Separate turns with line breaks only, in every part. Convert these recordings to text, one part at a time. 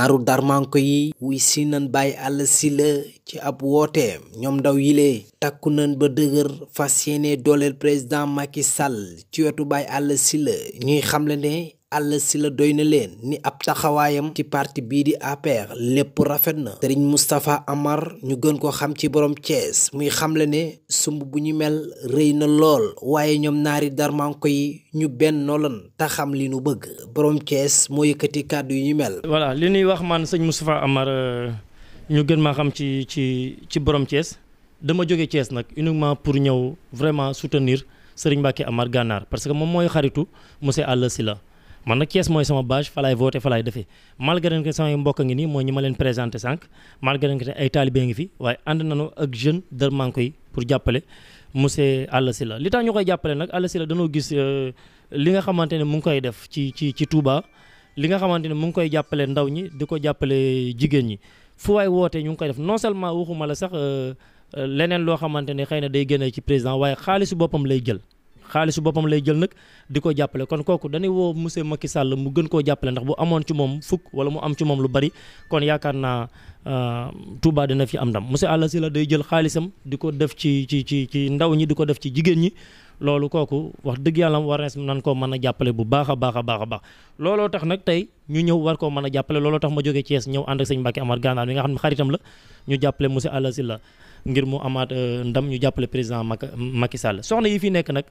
naaru darmanko yi wuy si nan bàyyi àll si la ci ab woote ñoom ndaw yile takku nañ ba dëgër fas yéene dooleel président Macky Sall ci wetu bàyyi àll si la ñuy xamle ne àll si la doy na leen ni ab taxawaayam ci parti bii di APR lépp rafet na sëriñ Moustapha Amar ñu gën ko xam ci borom Thiès muy xamle ne sumb bu ñu mel rëy na lool waaye ñoom naari darmanko yi ñu benn lan ta xam li ñu bëgg borom Thiès moo yëkkati kàddu yu ñu mel.
voilà li ñuy wax man Serigne Moustapha Amar euh, ñu gën maa xam ci ci ci borom Thiès dama jóge Thiès nag uniquement pour ñëw vraiment soutenir Serigne Mbacké Amar Gànnaar parce que moom mooy xaritu monsieur Alla Sylla man nag Thiès mooy sama base fa laay voté fa laay defee malgré que samay mbokk ngi nii mooy ñi ma leen présenté sànq malgré que ay taalibé ngi fi waaye ànd nañu ak jeune dërmanko yi pour jàppale monsieur Alla la li tax ñu koy jàppale nag Alla Sylla dañoo gis euh, li nga xamante ne mu ngi koy def ci ci ci Touba li nga xamante ne mu ngi koy jàppale ndaw ñi di ko jàppale jigéen ñi fu waay wootee ñu ngi koy def non seulement waxuma la sax euh, euh, leneen loo xamante ne xëy na day génne ci président waaye xaalisu boppam lay jël xaalisu boppam lay jël nag di ko jàppale kon kooku danuy woo monsieur makki sàll mu gën koo jàppale ndax bu amoon ci moom fukk wala mu am ci moom lu bari kon yaakaar naa euh, Touba dina fi am ndam monsieur Alla Sylla day jël xaalisam di ko def ci ci ci ci ndaw ñi di ko def ci jigéen ñi loolu kooku wax dëgg yàlla war nañ koo mën a jàppale bu baax a baax a baax a baax looloo tax nag tey ñu ñëw war koo mën a jàppale looloo tax ma jógee Thiès ñëw ànd ak sëñ Mbacke Amar Gandaan mi nga xam ne xaritam la ñu jàppale monsieur Alla la ngir mu amaat euh, ndam ñu jàppale président Macky Sall soxna yi fi nekk nag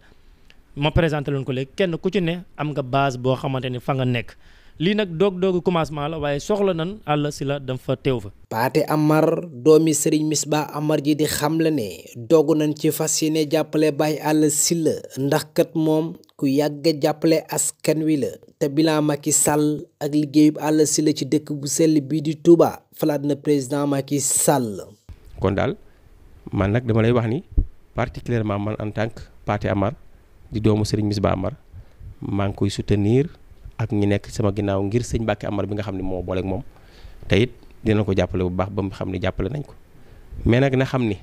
ma présenté leen ko léegi kenn ku ci ne am nga base boo xamante ni fa nga nekk lii nag doog doogu commencement la waaye soxla nan Alla Sylla dafa teew fa
Pathé Amar doomi Serigne Misbah Amar ji di xam xamle ne dogu nañ ci fas yéene jàppale Baye Alla Sylla ndax kat moom ku yàgg jàppale askan wi la te bilan Macky Sall ak liggéeyub Alla Sylla ci dëkk bu sell bii di Touba falaat na président Macky Sall
kon daal man nag dama lay wax ni particulièrement man en tant que di doomu seriñ sëriñ Misba Amar maa ngi koy soutenir ak ñi nekk sama ginnaaw ngir sëñ Mbàkke Amar bi nga xam ne moo booleeg moom te it dina ko jàppale bu baax ba mu xam ne jàppale nañ ko mais nag na xam ni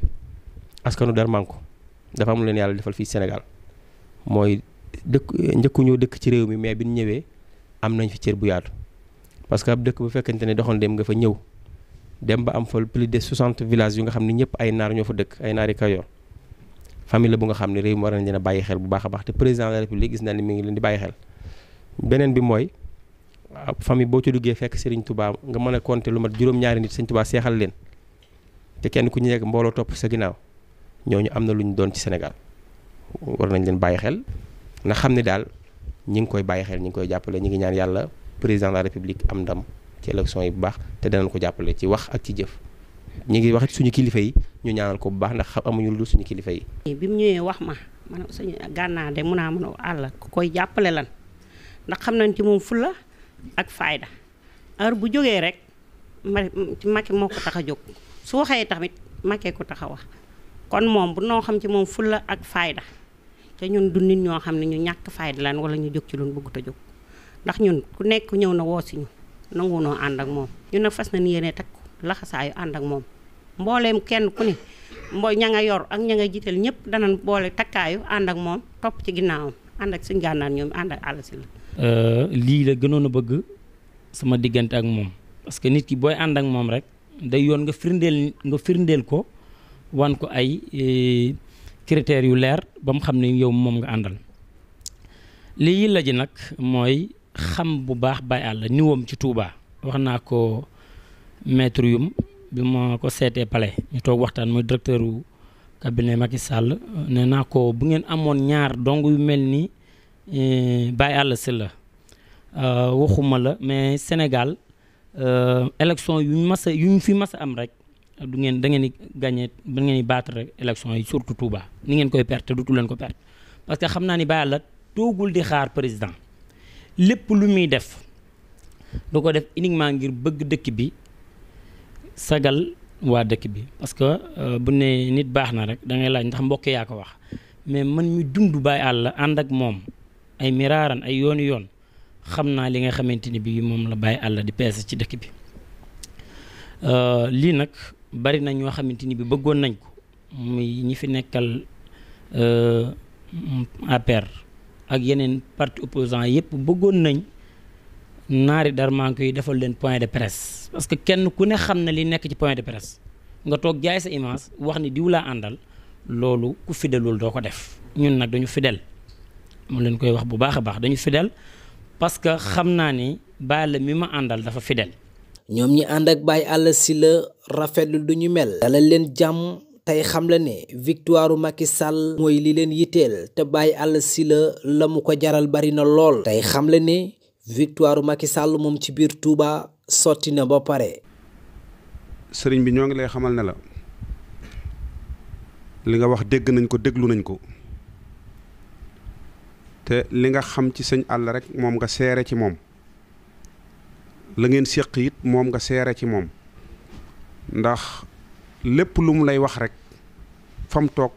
askanu Darmanko dafa am leen yàlla defal fii senegal mooy dëkk njëkkuñoo dëkk ci réew mi mais bi ñu ñëwee am nañ fi cër bu yaatu parce que ab dëkk bu fekkente ne doxoon dem nga fa ñëw dem ba am fa plus de 60 villages yu nga xam ne ñëpp ay naar ñoo fa dëkk ay naari Kajoor famille la bu nga xam ne réew mi war nañ leen a bàyyi xel bu baax a baax te président la république gis naa ne mi ngi leen di bàyyi xel beneen bi mooy ah, famille boo ci duggee fekk Serigne Touba nga mën a compter lu mat juróom-ñaari nit Serigne Touba seexal leen te kenn ku ñu nekk mbooloo topp sa ginnaaw ñooñu am na lu ñu doon ci Sénégal war nañ leen bàyyi xel na xam ne daal ñi ngi koy bàyyi xel ñi ngi koy jàppale ñi ngi ñaan yàlla président de la république am ci élection yi baax te danañ ko jàppale ci wax ak ci jëf ñu ngi waxit suñu kilifa yi ñu ñaanal ko bu baax ndax xam amuñu lu suñu kilifa yi.
bi mu ñëwee wax ma man suñu gànnaar de mun naa mun a àll ku koy jàppale lan ndax xam nañ ci moom fulla ak fayda heure bu jógee rek ma ci Macky moo a jóg su waxee tamit Macky ko tax wax kon moom noo xam ci moom fulla ak fayda te ñun du nit ñoo xam ne ñu ñàkk fayda lan wala ñu jóg ci luñ bëggut a jóg ndax ñun ku nekk ñëw na woo si ñu nangu noo ànd ak moom ñu nag fas na ni yéene teg ko laxasaayu ànd ak moom mbooleem kenn ku ne mbo ña nga yor ak ña nga jiital ñëpp danañ boole takkaayu ànd ak moom topp ci ginnaawam ànd ak suñ gànnaar ñoom ànd ak àll si la. Euh, lii la gënoon a bëgg sama diggante ak moom parce que nit ki booy ànd ak moom rek day yoon nga firndeel nga firndeel ko wan ko ay e, critères yu leer ba mu xam ne yow moom nga àndal lii la ji nag mooy xam bu baax Baye Alla niwam ci Touba wax naa ko. maître yum bi ma ko seetee palais ñu toog waxtaan muy directeur wu cabinet Macky Sall nee naa ko bu ngeen amoon ñaar dong yu mel ni e, Baye Alla Sylla la e, waxuma la mais Sénégal e, élection yuñ mas a yuñ fi mas a am rek du ngeen da ngeen di gagné da ngeen di battre rek élection yi surtout Touba ni ngeen koy perte dutu leen ko per parce que xam naa ni Baye Alla toogul di xaar président lépp lu muy def du ko def uniquement ngir bëgg dëkk bi sagal waa dëkk bi parce que euh, bu ne nit baax na rek dangay ngay laaj ndax mbokk yaa ko wax mais man mi dund Baye Alla ànd ak moom ay miraaran ay yooni yoon xam naa li nga xamante ni bii moom la Baye Alla di peese ci dëkk bi euh, lii nag bari na ñoo xamante ni bi bëggoon nañ ko muy ñi fi nekkal euh, APR ak yeneen parti opposant yëpp bëggoon nañ Nari dar manko yi defal len point de presse parce que kenn ku ne xamna na li nek ci point de presse nga tok jaay sa image wax ni diw la andal loolu ku fidelul do ko def ñun nag dañu fidel. mo len koy wax bu baaxa baax dañu fidel parce que xamna ni baale mi ma andal dafa fidel
ñom ñi and ak Baye Alla le rafet lu ñu mel dalal len jam tay xam la ne victoire Macky Sall moy li len yitel te bay Alla si le lamu ko jaral bari na lol tay xam la ne victoire Macky Sall moom ci biir Touba sotti na ba pare.
sëriñ bi ñoo ngi lay xamal ne la li nga wax dégg nañ ko déglu nañ ko te li nga xam ci sëñ àll rek moom nga seere ci moom la ngeen séq moom nga seere ci moom ndax lépp lu mu lay wax rek fa mu toog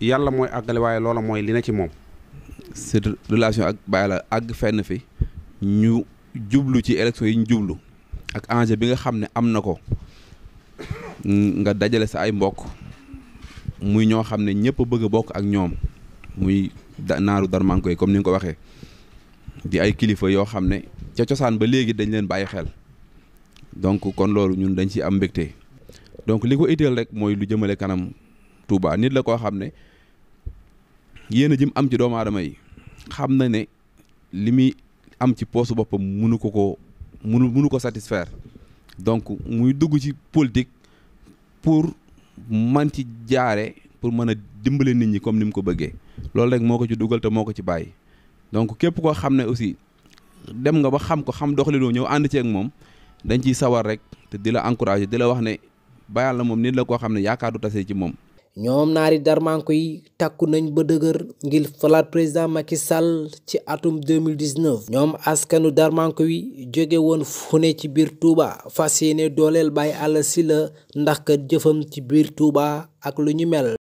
yàlla mooy àggale waaye loola mooy li na ci moom. seen relation ak Baye la àgg fenn fi. ñu jublu ci élection yi ñu jublu ak enjeu bi nga xam ne am na ko nga dajale sa ay mbokk muy ñoo xam ne ñëpp bëgg a bokk ak ñoom muy da naaru darmanko yi comme ni nga ko waxee di ay kilifa yoo xam ne ca cosaan ba léegi dañ leen bàyyi xel donc kon loolu ñun dañ ci am mbégte donc li ko itteel rek mooy lu jëmale kanam Touba nit la koo xam ne yéen a jëm am ci doomu aadama yi xam na ne li muy am ci poosu boppam munu ko ko munu munu ko satisfaire donc muy dugg ci politique pour man ci jaare pour mën a dimbale nit ñi comme ni mu ko bëggee loolu rek moo ko ci dugal te moo ko ci bàyyi donc képp koo xam ne aussi dem nga ba xam ko xam doxalinoo ñëw ànd ceeg moom dañ ciy sawar rek te di la encourager di la wax ne ba la moom nit la koo xam ne yaakaar du tasee ci moom
ñoom naari darmanko yi takku nañ ba dëgër ngir falaat président Macky Sall ci atum 2019 ñoom askanu darmanko yi jóge woon fu ne ci biir Touba fas yéene dooleel Baye Alla Sylla ndax ka jëfam ci biir Touba ak lu ñu mel